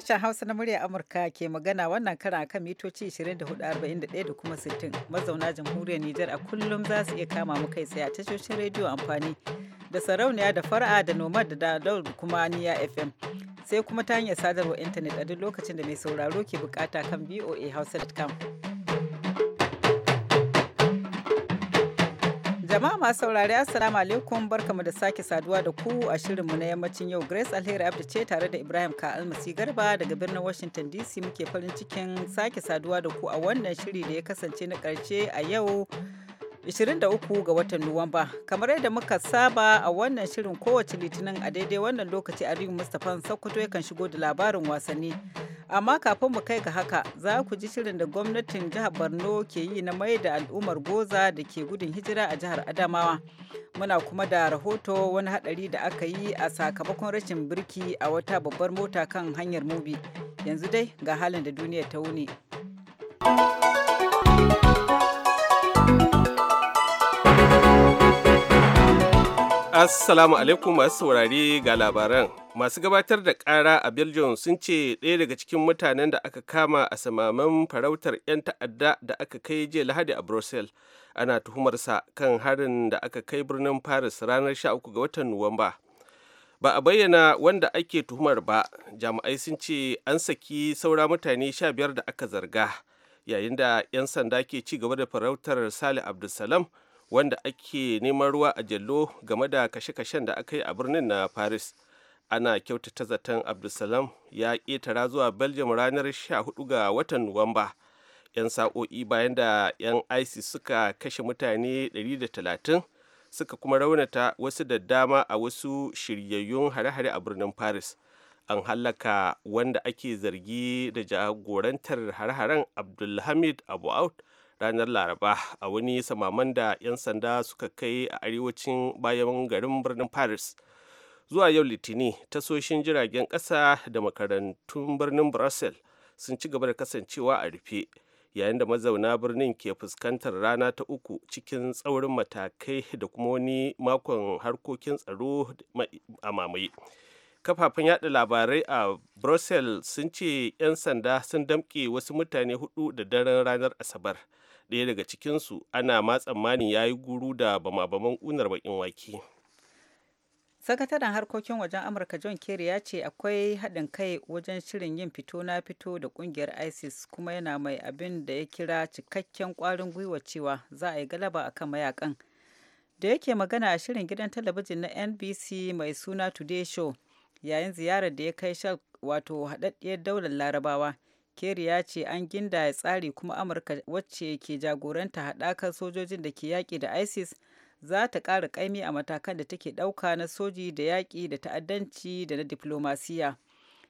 Sashen Hausa na murya Amurka ke magana wannan kara kan mitoci 24,41 da kuma 60 mazauna jamhuriyar Nijar a kullum za su iya kama mu kai tsaye a tashoshin rediyo amfani da sarauniya da fara'a da nomad da dalar kuma niya FM. Sai kuma ta hanyar sadarwa intanet a duk lokacin da mai sauraro ke bukata kan voa hausa.com Jama'a masu saurari Assalamu alaikum barkamu da sake saduwa da ku a shirinmu na yammacin yau Grace Alheri abda ce tare da Ibrahim Ka Almasi Garba daga birnin Washington DC muke farin cikin sake saduwa da ku a wannan shiri da ya kasance na karshe a yau 23 ga watan Nuwamba. Kamar yadda muka saba a wannan shirin kowace litinin a daidai wannan lokaci Aliyu Mustapha Sokoto yakan shigo da labarin wasanni. Amma kafin mu kai ga haka za ku ji shirin da gwamnatin jihar Borno ke yi na mai da al'ummar Goza da ke gudun hijira a jihar Adamawa. Muna kuma da rahoto wani hadari da aka yi a sakamakon rashin birki a wata babbar mota kan hanyar Mubi. Yanzu dai ga halin da duniya ta wuni. Assalamu alaikum masu saurare ga labaran. Masu gabatar da ƙara a Belgium sun ce ɗaya daga cikin mutanen da aka kama a samaman farautar 'yan ta'adda da aka kai jiya Lahadi a Brussels ana tuhumarsa kan harin da aka kai birnin Paris ranar 13 ga watan Nuwamba. Ba a bayyana wanda ake tuhumar ba, jami'ai sun ce an saki saura mutane 15 da aka zarga, yayin da 'yan sanda ke ci gaba da farautar Salih Abdulsalam. salam wanda ake neman ruwa a jallo game da kashe-kashen da aka yi a birnin na paris ana kyautata zaton abdulsalam ya ƙetara zuwa belgium ranar 14 ga watan nuwamba 'yan sa'o'i bayan da 'yan isis suka kashe mutane 130 suka kuma raunata wasu da dama a wasu shiryayyun hare-hare a birnin paris an hallaka wanda ake zargi da jagorantar hare-haren abdulhamid abu out ranar laraba a wani samaman da 'yan sanda suka kai a arewacin bayan garin birnin paris zuwa yau litini tasoshin jiragen kasa da makarantun birnin brussels sun ci gaba da kasancewa a rufe yayin da mazauna birnin ke fuskantar rana ta uku cikin tsaurin matakai da kuma wani makon harkokin tsaro a mamaye kafafen yada labarai a brussels sun ce 'yan sanda sun damke wasu mutane hudu da daren ranar asabar ɗaya daga cikinsu ana ma tsammanin ya yi guru da bama-baman unar bakin wake sakataren harkokin wajen amurka john kerry ya ce akwai haɗin kai wajen shirin yin fito na fito da ƙungiyar isis kuma yana mai abin da ya kira cikakken ƙwarin gwiwa cewa za a yi galaba a kan mayakan da yake magana a shirin gidan talabijin na nbc mai suna today show yayin ziyarar da ya kai wato haɗaɗɗiyar daular larabawa Kerry ya ce an gindaya tsari kuma Amurka wacce ke jagoranta haɗakar sojojin da ke yaƙi da ISIS za ta ƙara ƙaimi a matakan da take ɗauka na soji da yaƙi da ta'addanci da na diflomasiya.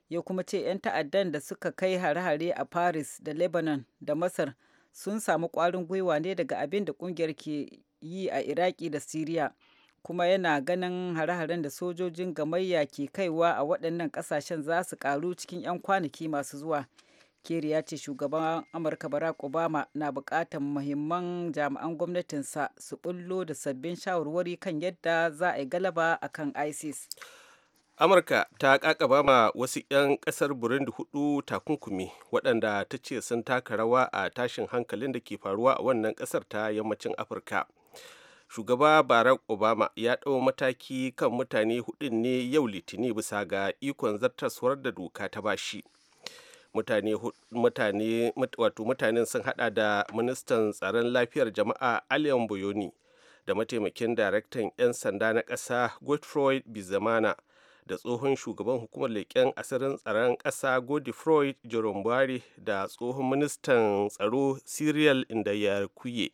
Ya kuma ce 'yan ta'addan da suka kai hare-hare a Paris da Lebanon da Masar sun samu ƙwarin gwiwa ne daga abin da ƙungiyar ke yi a Iraki da Siriya. kuma yana ganin hare-haren da sojojin gamayya ke kaiwa a waɗannan ƙasashen za su ƙaru cikin 'yan kwanaki masu zuwa. Kerry ya ce shugaban Amurka Barack Obama na bukatar muhimman jami'an gwamnatinsa su bullo da sabbin shawarwari kan yadda za a yi galaba a kan ISIS. Amurka ta kakaba ma wasu 'yan ƙasar Burundi hudu takunkumi waɗanda ta ce sun taka rawa a tashin hankalin da ke faruwa a wannan ƙasar ta yammacin Afirka. shugaba barack obama ya ɗau mataki kan mutane hudun ne yau litini bisa ga ikon zartaswar da doka ta bashi mutane mutane sun hada da ministan tsaron lafiyar jama'a Alion boyoni da mataimakin daraktan 'yan sanda na ƙasa godfroy bizamana da tsohon shugaban hukumar leƙen asirin tsaron ƙasa godfroy Jerome da tsohon ministan tsaro cyril indayarkuye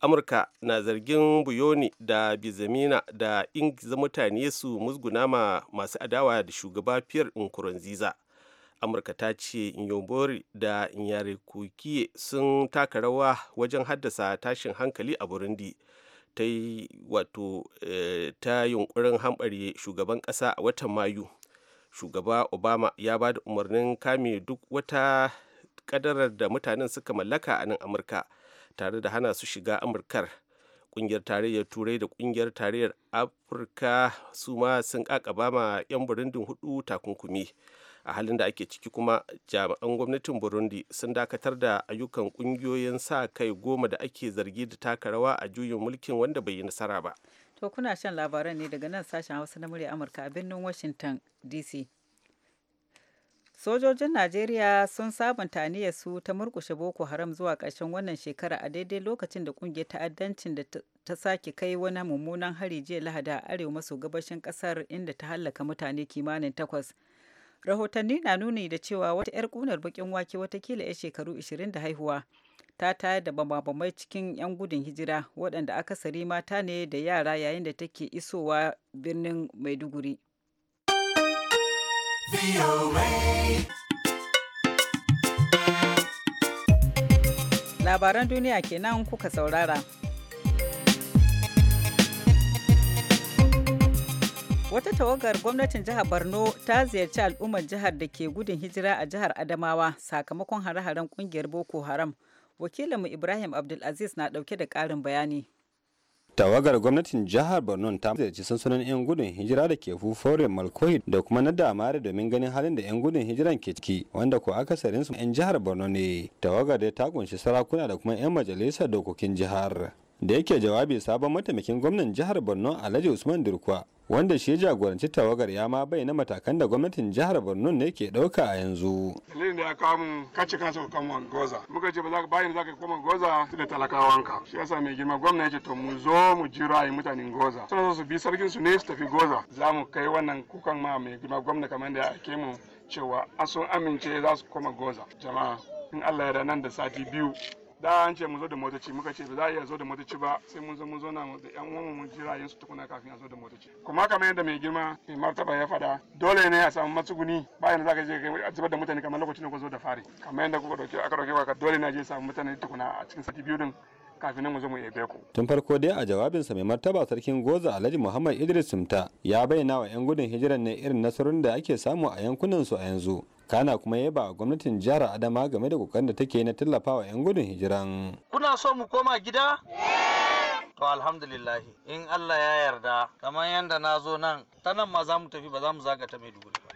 amurka na zargin buyoni da bizamina da ingiza mutane su musguna ma masu adawa da shugaba pierre nkurunziza amurka ta ce yombori da inyarikokiye sun taka rawa wajen haddasa tashin hankali a burundi ta yi wato eh, ta yunkurin hambare shugaban ƙasa a watan mayu shugaba obama ya ba da umarnin kame duk wata kadarar da mutanen suka mallaka a nan amurka tare da hana su shiga amurkar kungiyar tarayyar turai da kungiyar tarayyar afirka su ma sun kakaba ma 'yan burundin hudu takunkumi a halin da ake ciki kuma jami'an gwamnatin burundi sun dakatar da ayyukan kungiyoyin sa kai goma da ake zargi da taka rawa a juyin mulkin wanda bai yi nasara ba to kuna shan labaran ne daga nan sashen hausa na murya amurka a birnin washington dc sojojin najeriya sun sabunta aniyar su ta murkushe boko haram zuwa karshen wannan shekara a daidai lokacin da kungiyar ta'addancin da ta sake kai wani mummunan hari jiya lahada a arewa maso gabashin ƙasar inda ta hallaka mutane kimanin takwas rahotanni na nuni da cewa wata 'yar kunar bakin wake watakila 'yar shekaru 20 da haihuwa ta tayar da bambamai cikin 'yan gudun hijira waɗanda akasari mata ne da yara yayin da take isowa birnin maiduguri labaran duniya kenan kuka saurara Wata tawagar gwamnatin jihar Borno ta ziyarci al'ummar jihar da ke gudun hijira a jihar Adamawa sakamakon hare-haren kungiyar Boko Haram. Wakilinmu Ibrahim Abdulaziz na dauke da karin bayani. tawagar gwamnatin jihar borno ta ziyarci sansanin 'yan gudun hijira da ke fufore malkohi da kuma na damare domin ganin halin da 'yan gudun hijiran ke ciki wanda ko akasarin su 'yan jihar borno ne tawagar da ta kunshi sarakuna da kuma 'yan majalisar dokokin jihar da yake jawabi sabon mataimakin gwamnan jihar borno alhaji usman durkwa wanda shi ya jagoranci tawagar ya ma na matakan da gwamnatin jihar borno ne ke dauka a yanzu Lilin da ya kawo mu kace ka so kan goza muka ce ba za ka bayin za ka koma goza da talakawanka shi yasa mai girma gwamna yake to mu zo mu ji ra'ayin mutanen goza suna su bi sarkin su ne su tafi goza za mu kai wannan kukan ma mai girma gwamna kamar da ya ake mu cewa an sun amince za su koma goza jama'a in Allah ya da nan da sati biyu da an ce mun zo da motoci muka ce ba za a iya zo da motoci ba sai mun zo mun zo na da yan uwan mu jira yin su tukuna kafin a zo da motoci kuma kamar yadda mai girma mai martaba ya fada dole ne a samu matsuguni bayan za ka je a zubar da mutane kamar lokacin da ku zo da fari kamar yadda kuka dauke aka dauke ka dole ne a je samu mutane tukuna a cikin sati biyu din kafin nan mu zo mu yabe ku tun farko dai a jawabin sa mai martaba sarkin goza alhaji muhammad idris simta ya bayyana wa 'yan gudun hijiran ne irin nasarorin da ake samu a yankunan su a yanzu kana kuma yaba gwamnatin jihar adama game da kokarin da take na tallafawa 'yan gudun hijiran kuna so mu koma gida to alhamdulillahi in allah ya yarda kamar yadda na zo nan ta nan ma za mu tafi ba za mu zagata mai maiduguri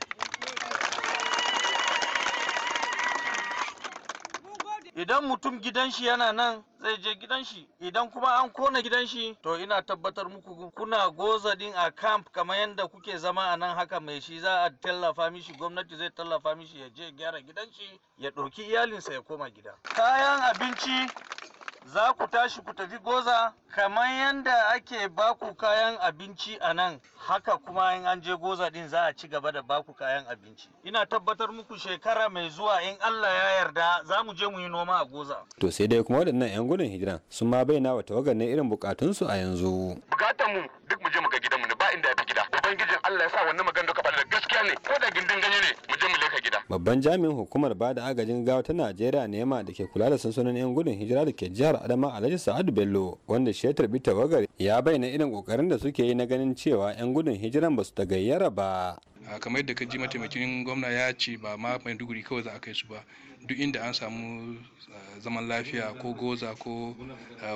idan mutum gidan shi yana nan zai je gidan shi idan kuma an kona gidan shi to ina tabbatar muku kuna gozadin a camp kamar yadda kuke zama a nan haka mai shi za a tallafa mishi gwamnati zai tallafa mishi ya je gyara gidan shi ya ɗauki iyalinsa ya koma gida kayan abinci za ku tashi ku tafi goza kamar yadda ake baku kayan abinci a nan haka kuma in an je goza din za a ci gaba da baku kayan abinci ina tabbatar muku shekara mai zuwa in Allah ya yarda za mu je mu yi noma a goza to sai dai kuma waɗannan 'yan gudun hijiran sun ma bayyana wa tawagar ne irin bukatunsu a yanzu bukatan mu duk mu je mu ga gidanmu ne ba inda ya fi gida ubangijin Allah ya sa wannan magana da ka gaskiya ne ko da gindin ganye ne babban jami'in hukumar ba da agajin gawa ta najeriya nema da ke kula da sansanin yan gudun hijira da ke jihar adama alhaji sa'adu bello wanda shi ya tarbi tawagar ya bayyana irin kokarin da suke yi na ganin cewa yan gudun hijiran ba su ta gayyara ba kamar yadda ka ji mataimakin gwamna ya ce ba ma maiduguri kawai za a kai su ba duk inda an samu zaman lafiya ko goza ko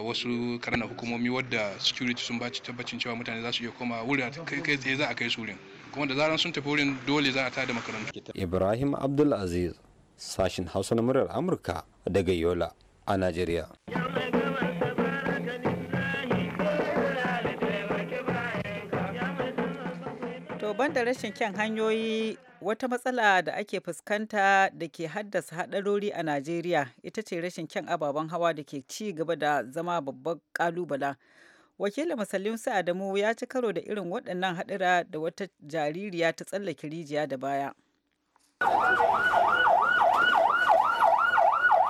wasu karana hukumomi wadda security sun ba tabbacin cewa mutane za su iya koma wurin kai tsaye za a kai su wurin kuma da zaran sun tafi wurin dole za a tada makarantu ibrahim abdulaziz sashin hausa na murar amurka daga yola a najeriya to da rashin kyan hanyoyi wata matsala da ake fuskanta da ke haddasa haɗarori a najeriya ita ce rashin kyan ababen hawa da ke ci gaba da zama babban ƙalubala wakilin su adamu ya ci karo da irin waɗannan haɗura da wata jaririya ta tsallake rijiya da baya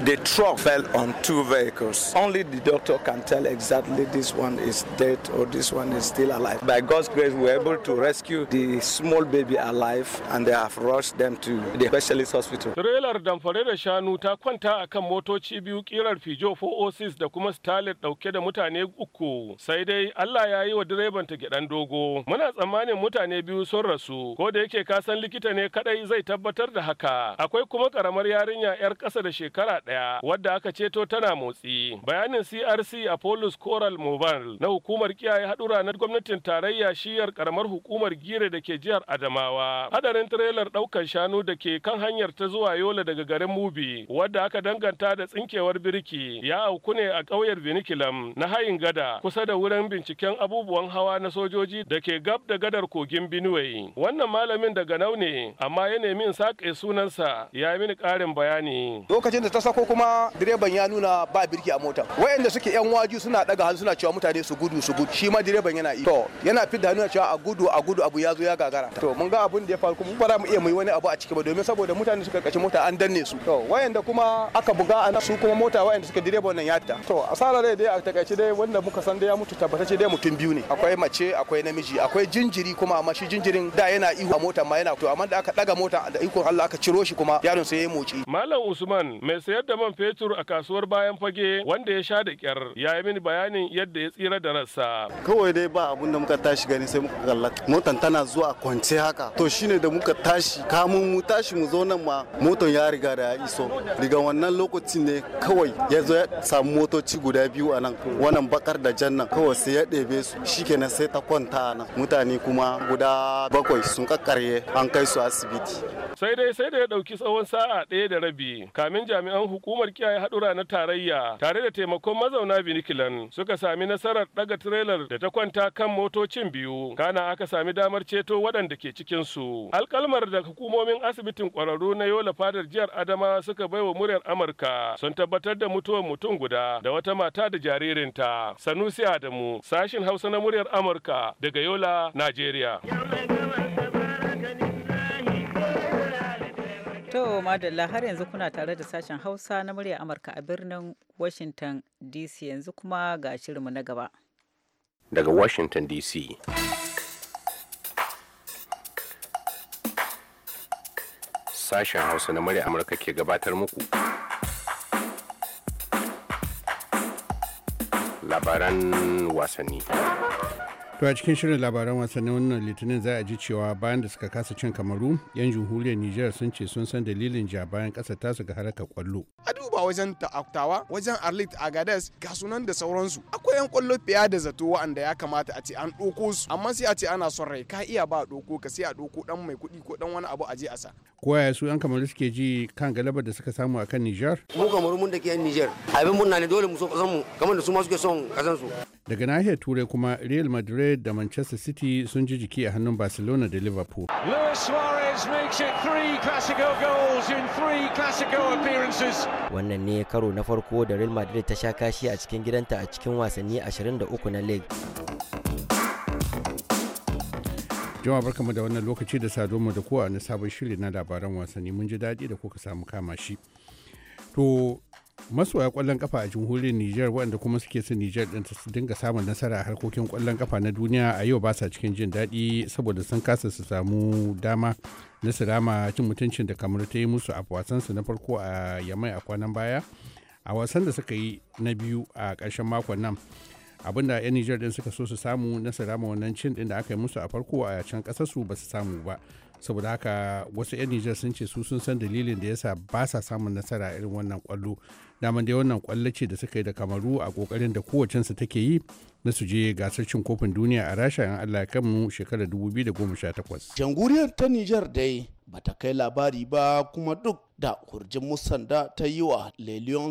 The truck fell on two vehicles. Only the doctor can tell exactly this one is dead or this one is still alive. By God's grace, we were able to rescue the small baby alive and they have rushed them to the specialist hospital. Trailer damfare da shanu ta kwanta a kan motoci biyu kirar Fijo 406 da kuma Starlet dauke da mutane uku. Sai dai Allah ya yi wa direban ta gidan dogo. Muna tsammanin mutane biyu sun rasu. Ko da yake kasan likita ne kadai zai tabbatar da haka. Akwai kuma karamar yarinya 'yar ƙasa da shekara ɗaya wadda aka ceto tana motsi. Bayanin CRC Apollos Coral Mobile na hukumar kiyaye haɗura na gwamnatin tarayya shiyar karamar hukumar Gire da ke jihar Adamawa. Hadarin tirelar ɗaukar shanu da ke kan hanyar ta zuwa Yola daga garin Mubi wadda aka danganta da tsinkewar birki ya auku ne a ƙauyar Binikilam na hayin gada kusa da wurin binciken abubuwan hawa na sojoji da ke gab da gadar kogin Binuwe. Wannan malamin daga nau ne amma ya nemi in sunansa ya yi mini ƙarin bayani. Lokacin da ta ko kuma direban ya nuna ba birki a mota wayanda suke yan waju suna daga hannu suna cewa mutane su gudu su gudu shi ma direban yana yi to yana fidda hannu cewa a gudu a gudu abu ya zo ya gagara to mun ga abun da ya faru kuma ba za mu iya mu yi wani abu a ciki ba domin saboda mutane suka kaci mota an danne su to wayanda kuma aka buga an su kuma mota wayanda suka direban nan ya ta to asara dai dai a takaice dai wanda muka san dai ya mutu tabbatacce dai mutum biyu ne akwai mace akwai namiji akwai jinjiri kuma amma shi jinjirin da yana ihu a mota ma yana to amma da aka daga mota da ikon Allah aka ciro shi kuma yaron sai ya moci malam Usman mai sayar da man fetur a kasuwar bayan fage wanda ya sha da kyar ya yi mini bayanin yadda ya tsira da rassa. Kawai dai ba abun da muka tashi gani sai muka kalla motan tana zuwa kwance haka to shine da muka tashi kamun mu tashi mu zo nan ma motan ya riga da ya iso daga wannan lokacin ne kawai ya zo ya samu motoci guda biyu a nan wannan bakar da jannan kawai sai ya ɗebe su shikenan sai ta kwanta a nan mutane kuma guda bakwai sun kakkarye an kai su asibiti. sai dai sai da ya ɗauki tsawon sa'a ɗaya da rabi kamin jami'an hukumar kiyaye haɗura na tarayya tare da taimakon mazauna binikilan suka sami nasarar ɗaga tirelar da ta kwanta kan motocin biyu kana aka sami damar ceto waɗanda ke cikin su alkalmar da hukumomin asibitin ƙwararru na yola fadar jihar adama suka bai wa muryar amurka sun tabbatar da mutuwar mutum guda da wata mata da jaririnta sanusi adamu sashin hausa na muryar amurka daga yola najeriya To madalla har yanzu kuna tare da sashen Hausa na murya Amurka a birnin Washington DC yanzu kuma ga shirinmu na gaba. Daga Washington DC. Sashen Hausa na murya Amurka ke gabatar muku. Labaran wasanni. To a cikin shirin labaran wasannin wannan litinin za a ji cewa bayan da suka kasa cin kamaru yan jamhuriyar Nijar sun ce sun san dalilin ja bayan kasa ta su ga haraka kwallo. A duba wajen ta'aktawa wajen Arlit Agades ga sunan da sauransu. Akwai yan kwallo fiya da zato wa'anda ya kamata a ce an ɗoko su amma sai a ce ana son rai ka iya ba ɗoko ka sai a ɗoko dan mai kuɗi ko dan wani abu a je a sa. ya su yan kamaru suke ji kan galabar da suka samu akan Nijar? Mu kamaru mun da ke yan Nijar abin murna ne dole mu so kasan mu kamar da su ma suke son kasan su. daga nahiyar turai kuma real madrid da manchester city sun ji jiki a hannun barcelona da liverpool wannan ne karo na farko da real madrid ta sha kashi a cikin gidanta a cikin wasanni 23 na league jama'a barkamu da wannan lokaci da mu da kowa na sabon shirin na labaran wasanni mun ji daɗi da kuka samu kama shi to masoya kwallon kafa a jamhuriyar Nijar waɗanda kuma suke son Nijar ɗin su dinga samun nasara a harkokin kwallon kafa na duniya a yau ba sa cikin jin daɗi saboda sun kasa su samu dama na sirama cin mutuncin da kamar ta yi musu a wasansu na farko a yamai a kwanan baya a wasan da suka yi na biyu a ƙarshen makon nan abinda 'yan Nijar ɗin suka so su samu na sirama wannan cin ɗin da aka yi musu a farko a can ƙasarsu ba su samu ba. saboda haka wasu 'yan nijar sun ce su sun san dalilin da yasa ba sa samun nasara irin wannan kwallo daman dai wannan kwallo ce da suka yi da kamaru a kokarin da kowacensu take yi na su je gasar cin kofin duniya a rasha in allah ya mu shekarar 2018 jamhuriyar ta nijar dai ba ta kai labari ba kuma duk da hurjin musanda ta yi wa le lion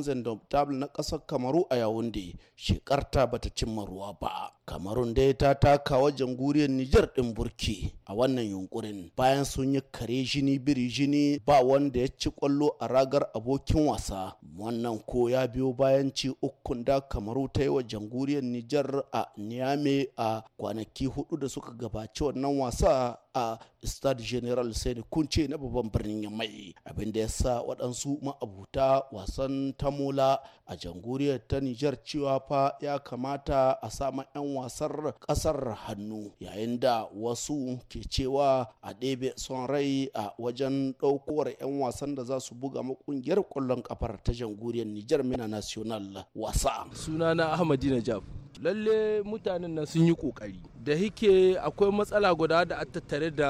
na ƙasar kamaru a yawunde shekarta ba ta cimma ruwa ba kamarun dai ta taka wajen guriyar nijar ɗin burki a wannan yunkurin bayan sun yi kare jini biri jini ba wanda ya ci kwallo a ragar abokin wasa wannan ko ya biyo bayan ci ukun da kamaru ta yi wa jamhuriyar nijar a niame a kwanaki hudu da suka gabaci wannan wasa a stade general sai kun ce na babban birnin mai abin da ya sa waɗansu ma'abuta wasan tamola a janguriyar ta nijar cewa fa ya kamata a sama 'yan wasar ƙasar hannu yayin da wasu ke cewa a ɗebe son rai a wajen ɗaukowar 'yan wasan da za su buga makungiyar kwallon kafar ta janguriyar nijar mina national wasa sunana ahmadi najab lalle mutanen nan sun yi ƙoƙari da hike akwai matsala guda da a tattare da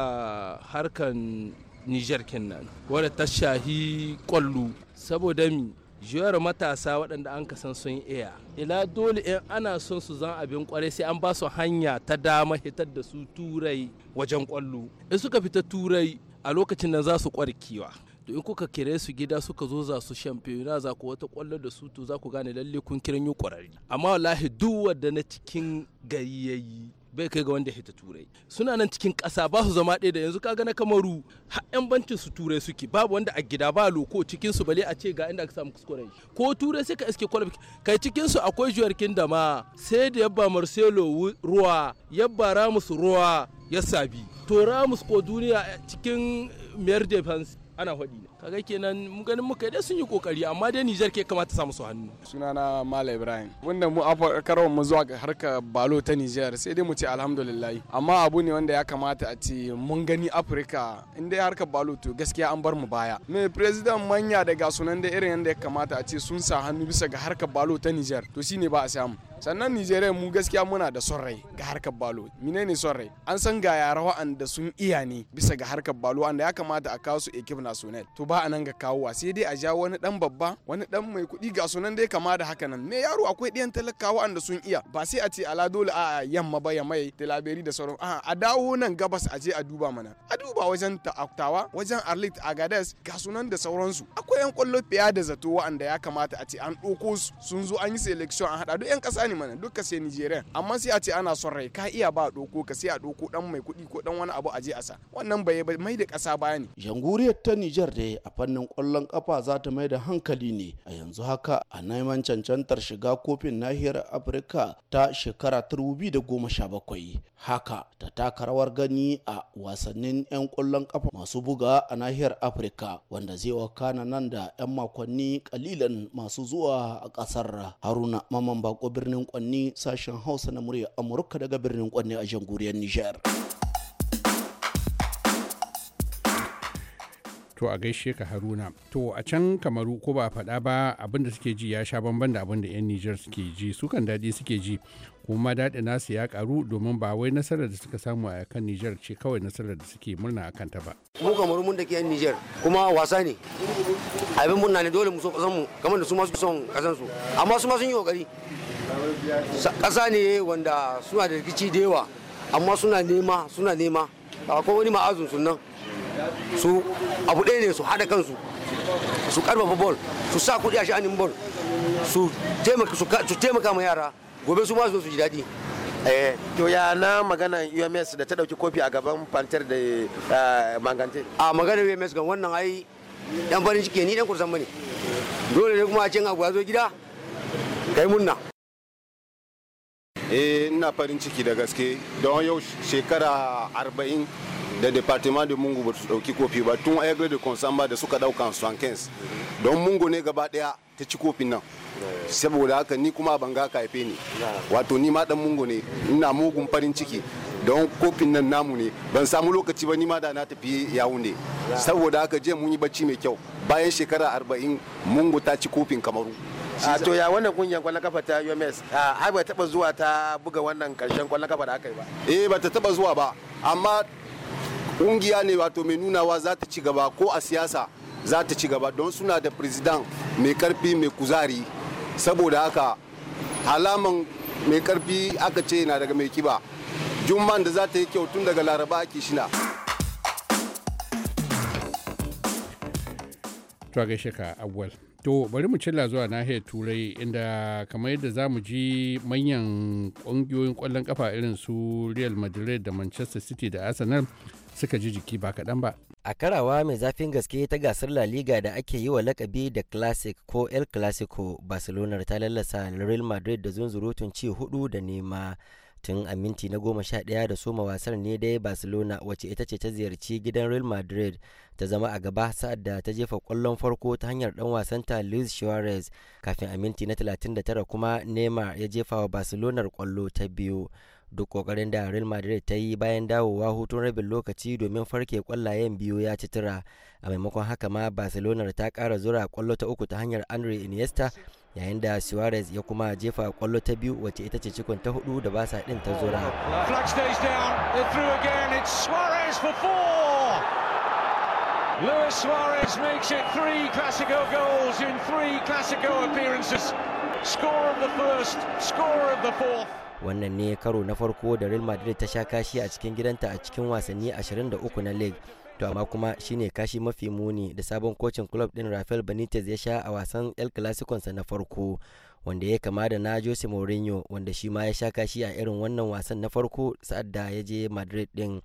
harkan nijar kenan wadda ta shahi kwallo saboda mi juyar matasa waɗanda an kasan sun iya ila dole in ana son su zan abin kwarai sai an ba su hanya ta dama hitar da su turai wajen kwallo in suka fita turai a lokacin da za su kwarkewa to in kuka kire su gida suka zo za su na za ku wata kwallo da su to za ku gane lalle kun kiran yi kwararri amma wallahi duk wanda na cikin gari yayi bai kai ga wanda hita turai suna nan cikin ƙasa ba su zama ɗaya da yanzu kaga na kamaru yan bancin su turai suke babu wanda a gida ba loko cikin su bale a ce ga inda aka samu kuskuren shi ko turai sai ka iske kwalbi kai cikin su akwai kin da ma sai da yabba marcelo ruwa yabba ramus ruwa ya sabi to ramus ko duniya eh, cikin miyar defense ana faɗi ne kaga kenan mu ganin muka dai sun yi kokari amma dai Nijar ke kamata samu su hannu sunana Mala Ibrahim wanda mu karawan mu zuwa harka balo ta Nijar sai dai mu ce alhamdulillah amma abu ne wanda ya kamata a ce mun gani Africa in dai harka balo to gaskiya an bar mu baya me president manya daga sunan da irin yanda ya kamata a ce sun sa hannu bisa ga harka balo ta Nijar to shine ba a samu sannan Nijeriya mu gaskiya muna da son rai ga harkar balo ne son rai an san ga yara wa'anda sun iya ne bisa ga harkar balo wanda ya kamata a kawo su ekip national to ba a nan ga kawowa sai dai a ja wani dan babba wani dan mai kuɗi ga sunan dai kama da haka nan me yaro akwai ɗiyan talakawa anda sun iya ba sai a ce ala dole a yamma ba yamai da labari da sauran a a dawo nan gabas a je a duba mana a duba wajen ta'aktawa wajen arlit agades ga sunan da sauransu akwai yan kwallo fiya da zato wanda ya kamata a ce an ɗauko su sun zo an yi selection an haɗa duk yan ƙasa ne mana duka sai nigeria amma sai a ce ana son rai ka iya ba ɗauko ka sai a ɗauko dan mai kuɗi ko dan wani abu a je a sa wannan bai mai da ƙasa ba ne janguriyar ta nijar da a fannin kwallon ƙafa za ta mai da hankali ne a yanzu haka a neman cancantar shiga kofin nahiyar afirka ta shekara 2017 haka ta taka rawar gani a wasannin 'yan ƙwallon ƙafa masu buga a nahiyar afirka wanda zai wakana nan da 'yan makonni kalilan masu zuwa a ƙasar haruna maman bako birnin kwanni sashen hausa na murya amurka daga birnin kwanni a jamhuriyar nijar. to a gaishe ka haruna to a can kamaru ko ba faɗa ba abin da suke ji ya sha bamban da abin da 'yan nijar suke ji su kan daɗi suke ji kuma daɗi nasu ya ƙaru domin ba wai nasarar da suka samu a kan nijar ce kawai nasarar da suke murna a kanta ba mu kamaru mun da ke 'yan niger kuma wasa ne abin murna ne dole mu so ƙasanmu kamar da su ma su son ƙasansu amma su ma sun yi ƙoƙari ƙasa ne wanda suna da rikici da yawa amma suna nema suna nema akwai wani ma'azin sunan su abu ɗaya ne su haɗa kansu su karfafa bol su sa kuɗi a sha'anin bol su taimaka ma yara gobe su masu su ji daɗi eh, to ya na magana ums da ta ɗauki kofi a gaban fantar da eh, mangante a magana ums ga wannan ai yan farin ciki ni dan kursan bane dole ne kuma a cin agwa zo gida kai munna eh ina farin ciki da gaske don yau shekara arba'in da departement de mungu ba su dauki kofi ba tun ayagra da consamba da suka dauka swankens don mungu ne gaba daya ta ci kofin nan saboda haka ni kuma ban ga ka haife ni wato ni ma dan mungu ne ina mugun farin ciki don kofin nan namu ne ban samu lokaci ba ni ma da na tafi yawo ne saboda haka je mun yi bacci mai kyau bayan shekara arba'in mungu ta ci kofin kamaru a to ya wannan kungiyar kwallon kafa ta UMS a ba taba zuwa ta buga wannan karshen kwallon kafa da aka yi ba eh ba ta taba zuwa ba amma ƙungiya ne wato mai nunawa za ta ci gaba ko a siyasa za ta ci gaba don suna da firizidan mai karfi mai kuzari saboda haka alaman mai karfi aka ce na daga mai kiba juman da za ta yi kyau tun daga laraba ake shina to to bari mu cilla zuwa nahiyar turai inda kamar yadda za mu ji manyan ƙungiyoyin ƙwallon kafa irin su real madrid da manchester city da arsenal suka ji ba kaɗan ba. A karawa mai zafin gaske ta gasar La Liga da ake yi wa lakabi da Classic ko El Clasico, Barcelona ta lallasa Real Madrid da zunzurutun ci hudu da nema. Tun a minti na goma sha ɗaya da soma wasar ne dai Barcelona wacce ita ce ta ziyarci gidan Real Madrid ta zama a gaba sa'ad da ta jefa kwallon farko ta hanyar dan wasanta Luis Suarez kafin a minti na 39 kuma Neymar ya jefa wa Barcelona kwallo ta biyu. duk kokarin da real madrid ta yi bayan dawowa hutun rabin lokaci domin farke kwallayen biyu ya ci tura a maimakon haka ma barcelona ta kara zura kwallo ta uku ta hanyar andre iniesta yayin da suarez ya kuma jefa kwallo ta biyu wacce ita ce cikon ta hudu da basa din ta zura Luis Suarez makes it three Clasico goals in three Clasico appearances. Score of the first, score of the fourth. Wannan ne karo na farko da Real Madrid ta sha kashi a cikin gidanta a cikin wasanni 23 na League. To amma kuma shine kashi mafi muni da sabon kocin club din Rafael Benitez ya sha a wasan El Clasico na farko. wanda ya kama da na Jose Mourinho wanda shi ma ya sha kashi a irin wannan wasan na farko sa'ad da ya je Madrid din.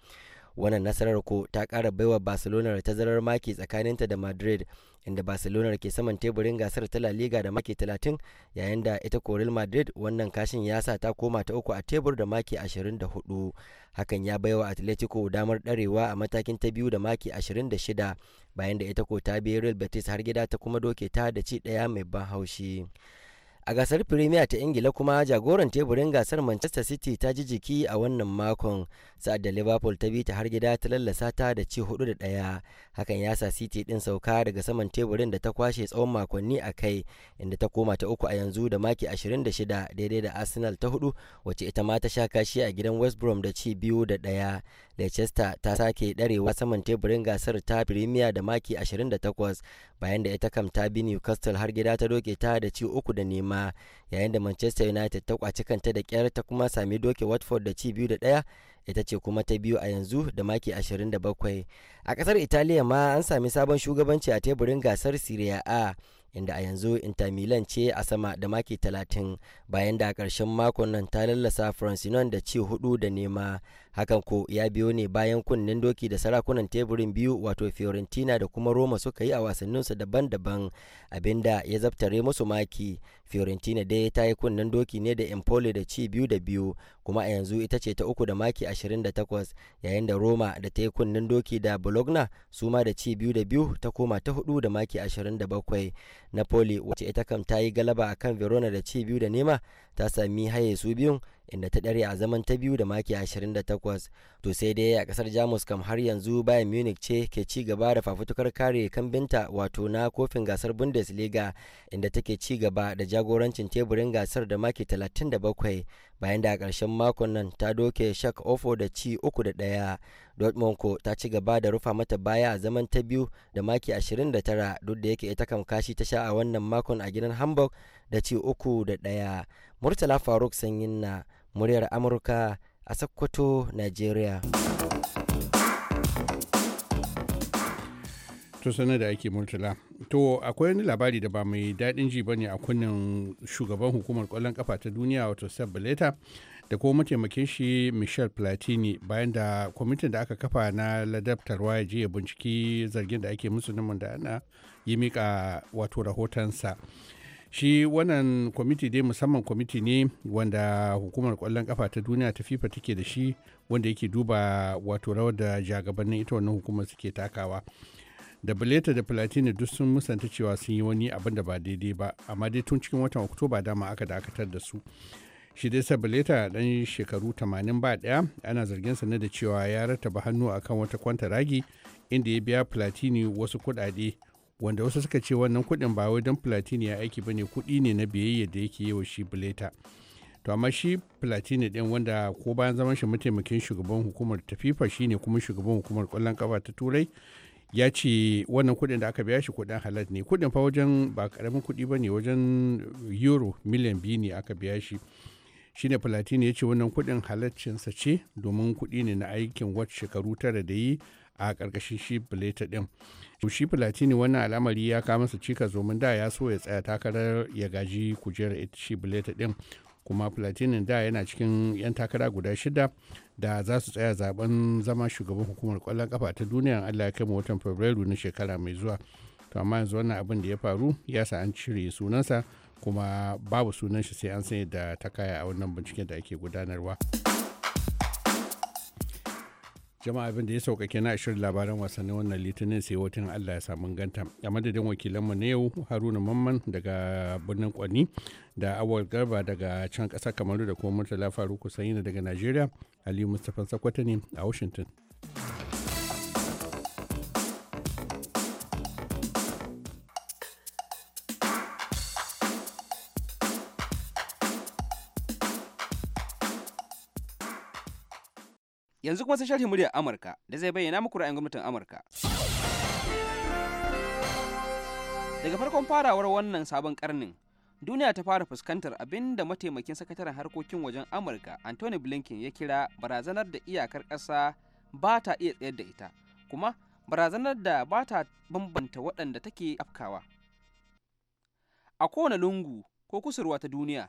wannan nasarar ko ta kara baiwa barcelona tazarar maki tsakaninta da madrid inda barcelona ke saman teburin gasar ta la liga da maki 30 yayin da ita ko real madrid wannan kashin ya sa ta koma ta uku a tebur da maki 24 hakan ya baiwa atletico damar darewa a matakin ta biyu da maki 26 bayan da ita ko ta biye real betis har gida ta kuma doke ta da ci daya mai ban haushi a gasar premier ta ingila kuma jagoran teburin gasar manchester city ta ji jiki a wannan makon sa'ad da liverpool ta bi ta har gida ta lallasa ta da ci hudu da daya hakan ya sa city din sauka daga saman teburin da ta kwashe tsawon makonni a kai inda ta koma ta uku a yanzu da maki 26 daidai da arsenal ta hudu wacce ita ma ta sha kashi a gidan west brom da ci biyu da daya leicester ta sake ɗarewa saman teburin gasar ta premier da maki 28 bayan da ita kam ta bi newcastle har gida ta doke ta da ci uku da nema yayin da manchester united ta kwaci kanta da kyar ta kuma sami doke watford da ci biyu da ɗaya ita ce kuma ta biyu a yanzu da maki 27 a kasar italiya ma an sami sabon shugabanci a teburin gasar serie a inda a yanzu inter milan ce a sama da maki 30 bayan da a ƙarshen makon nan ta lallasa francinon da ci hudu da nema hakan ko ya biyo ne bayan kunnen doki da sarakunan teburin biyu wato fiorentina da kuma roma suka yi a wasanninsu daban-daban abinda ya zabtare musu maki fiorentina dai ta yi kunnen doki ne da empoli da ci biyu da biyu kuma a yanzu ita ce ta uku da maki 28 yayin da roma da ta yi kunnen doki da bologna su ma da ci biyu da biyu ta koma ta hudu da maki 27 napoli wacce ita kam ta yi galaba akan verona da ci biyu da nema ta sami haye su biyun inda ta dare a zaman ta biyu da maki 28 to sai dai a kasar jamus kam har yanzu bayan munich ce ke ci gaba da fafutukar kare kambinta wato na kofin gasar bundesliga inda take ci gaba da jagorancin teburin gasar da maki 37 bayan da a ƙarshen makon nan ta doke shak ofo da ci uku da ɗaya dortmund ko ta ci gaba da rufa mata baya a zaman ta biyu da maki 29 duk da yake ita kam kashi ta sha a wannan makon a gidan hamburg da ci uku da ɗaya murtala faruk sanyin na muryar amurka a sokoto nigeria to sanar da ake murtala to akwai wani labari da ba mai daɗin ji bane a kunnen shugaban hukumar kwallon kafa ta duniya wato seb da kuma mataimakin shi michel platini bayan da kwamitin da aka kafa na ladabtarwa ya je ya binciki zargin da ake musu nan da ana yi mika wato rahotonsa shi wannan kwamiti dai musamman kwamiti ne wanda hukumar kwallon kafa ta duniya ta fifa take da shi wanda yake duba wato rawar da jagabannin ita wannan hukumar suke takawa da bileta da platini duk sun musanta cewa sun yi wani abin da ba daidai ba amma dai tun cikin watan oktoba dama aka dakatar da su shi dai sabileta dan shekaru ba ɗaya ana zargin sa ne da cewa ya rattaba hannu akan wata kwanta ragi inda ya biya platini wasu kuɗaɗe wanda wasu suka ce wannan kudin ba wai don platini ya aiki bane kudi ne na biyayya da yake yi wa shi bileta to amma shi platini din wanda ko bayan zaman shi mataimakin shugaban hukumar ta fifa shine kuma shugaban hukumar kwallon kafa ta turai ya ce wannan kudin da aka biya shi kudin halal ne kuɗin fa wajen ba karamin kudi bane wajen euro miliyan biyu ne aka biya shi shine platini ya ce wannan kuɗin halaccinsa ce domin kudi ne na aikin wacce shekaru tara da yi a karkashin shi Bileta ɗin. Shi Platini wannan al'amari ya kama su cika zomin da ya so ya tsaya takarar ya gaji kujerar shi Bileta ɗin. Kuma Platini da yana cikin 'yan takara guda shida da za su tsaya zaben zama shugaban hukumar kwallon kafa ta duniya Allah ya kai watan Fabrairu na shekara mai zuwa. To amma yanzu wannan abin da ya faru ya sa an cire sunansa kuma babu sunan shi sai an sanya da ta kaya a wannan binciken da ake gudanarwa. jama'a abin da ya sauƙaƙe na shirin labaran wasannin wannan litinin sai watan allah ya samu ganta a madadin wakilanmu na yau haruna mamman daga birnin kwani da awal garba daga can ƙasa kamaru da kuma murtala faruk sanyi daga najeriya ali mustapha sakwata ne a washington Yanzu kuma sai sharhin muryar Amurka da zai bayyana muku ra'ayin gwamnatin Amurka. Daga farkon farawar wannan sabon karnin, duniya ta fara fuskantar abin da mataimakin sakataren harkokin wajen Amurka Anthony Blinken ya kira barazanar da iyakar ƙasa ba ta iya tsayar da ita, kuma barazanar da ba ta bambanta waɗanda take afkawa. A kowane lungu ko kusurwa ta duniya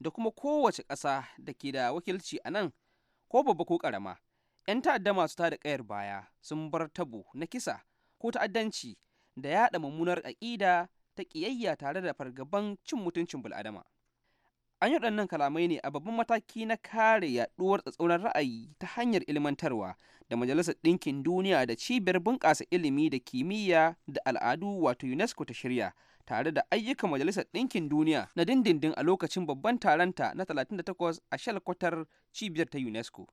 da kuma kowace ƙasa da ke da wakilci a nan ko babba ko ƙarama 'yan ta'adda masu tada kayar baya sun bar tabo na kisa ko ta'addanci da yaɗa mummunar aƙida ta ƙiyayya tare da fargaban cin mutuncin bil'adama an yi waɗannan kalamai ne a babban mataki na kare yaɗuwar tsatsauran ra'ayi ta hanyar ilmantarwa da majalisar ɗinkin duniya da cibiyar bunƙasa ilimi da kimiyya da al'adu wato unesco ta shirya tare da ayyukan majalisar ɗinkin duniya na dindindin a lokacin babban taronta na 38 a shalkwatar cibiyar ta unesco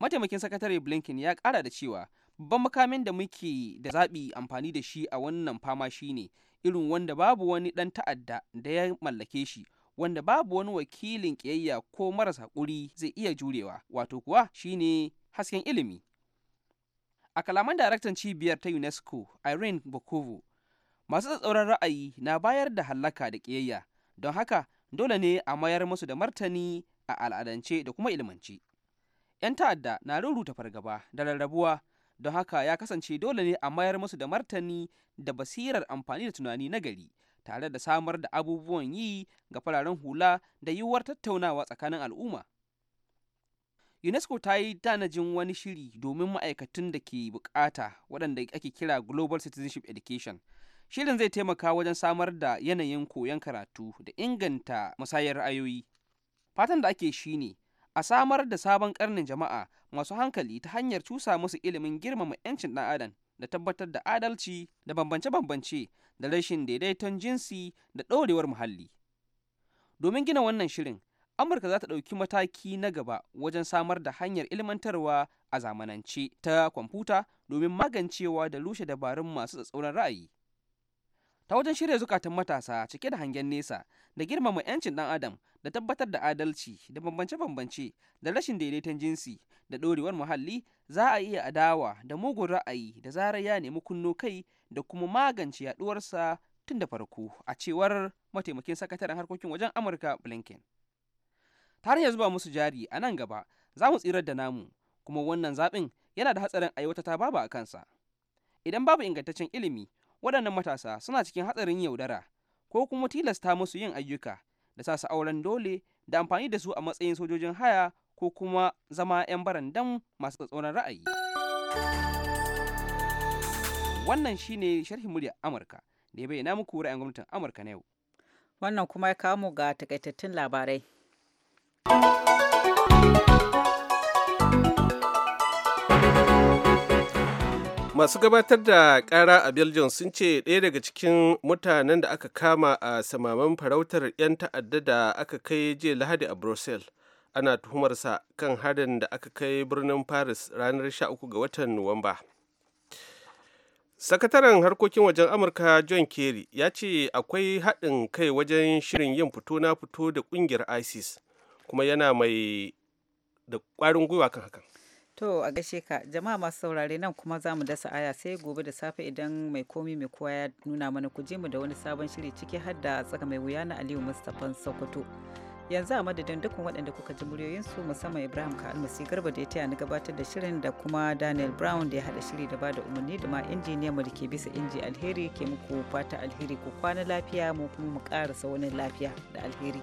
mataimakin sakatare blinken ya kara da cewa babban makamin da muke da zaɓi amfani da shi a wannan fama shine irin wanda babu wani ɗan ta'adda da ya mallake shi wanda babu wani wakilin kiyayya ko marasa haƙuri zai iya jurewa wato kuwa shine hasken ilimi a kalaman daraktan cibiyar ta unesco irene bokovo masu tsatsauran ra'ayi na bayar da hallaka da ƙiyayya don haka dole ne a mayar musu da martani a al'adance da kuma ilimance 'yan ta'adda na rurruta fargaba da rarrabuwa don haka ya kasance dole ne a mayar musu da martani da basirar amfani da tunani na gari tare da samar da abubuwan yi ga fararen hula da yiwuwar tattaunawa tsakanin al'umma unesco ta yi tanajin wani shiri domin ma'aikatun da ke bukata waɗanda ake kira global citizenship education shirin zai taimaka wajen samar da yanayin koyon karatu da inganta musayar ra'ayoyi fatan da ake shi ne a samar da sabon karnin jama'a masu hankali ta hanyar cusa musu ilimin girmama 'yancin ɗan adam da tabbatar da adalci da bambance-bambance da rashin daidaiton jinsi da ɗorewar muhalli domin gina wannan shirin amurka za ta ɗauki mataki na gaba wajen samar da hanyar ilmantarwa a zamanance ta kwamfuta domin magancewa da rushe dabarun masu tsatsauran ra'ayi ta wajen shirya zukatan matasa cike da hangen nesa da girmama 'yancin dan adam da tabbatar da adalci da bambance-bambance da rashin daidaiton jinsi da ɗorewar muhalli za a iya adawa da mugun ra'ayi da zarar ya nemi kunno kai da kuma magance yaɗuwarsa tun da farko a cewar mataimakin sakataren harkokin wajen amurka blinken ya zuba musu jari a nan gaba za mu tsirar da namu kuma wannan zaɓin yana da hatsarin aiwata ta babu a kansa idan babu ingantaccen ilimi waɗannan matasa suna cikin hatsarin yaudara ko kuma tilasta musu yin ayyuka da sa auren dole da amfani da su a matsayin sojojin haya ko kuma zama 'yan barandan masu tsatsauran ra'ayi. Wannan shine sharhin muryar Amurka da ya bayyana muku ra'ayin gwamnatin Amurka na yau. Wannan kuma ya kawo mu ga takaitattun labarai. masu gabatar da kara a belgium sun ce ɗaya daga cikin mutanen da aka kama a samaman farautar 'yan ta'adda da aka kai jiya lahadi a brussels ana tuhumarsa kan harin da aka kai birnin paris ranar 13 ga watan nuwamba sakataren harkokin wajen amurka john kerry ya ce akwai haɗin kai wajen shirin yin fito na fito da ƙungiyar isis kuma yana mai da ƙwarin gwiwa kan hakan To a gaishe ka jama'a masu saurare nan kuma za mu dasa aya sai gobe da safe idan mai komi mai kowa ya nuna mana ku je mu da wani sabon shiri ciki har da tsaka mai wuya na Aliyu Mustapha Sokoto. Yanzu a madadin dukkan waɗanda kuka ji muryoyinsu musamman Ibrahim ka almasi garba da ya taya ni gabatar da shirin da kuma Daniel Brown da ya haɗa shiri da ba da umarni da ma injiniya mu da ke bisa inji alheri ke muku fata alheri ku kwana lafiya mu kuma mu ƙarasa wani lafiya da alheri.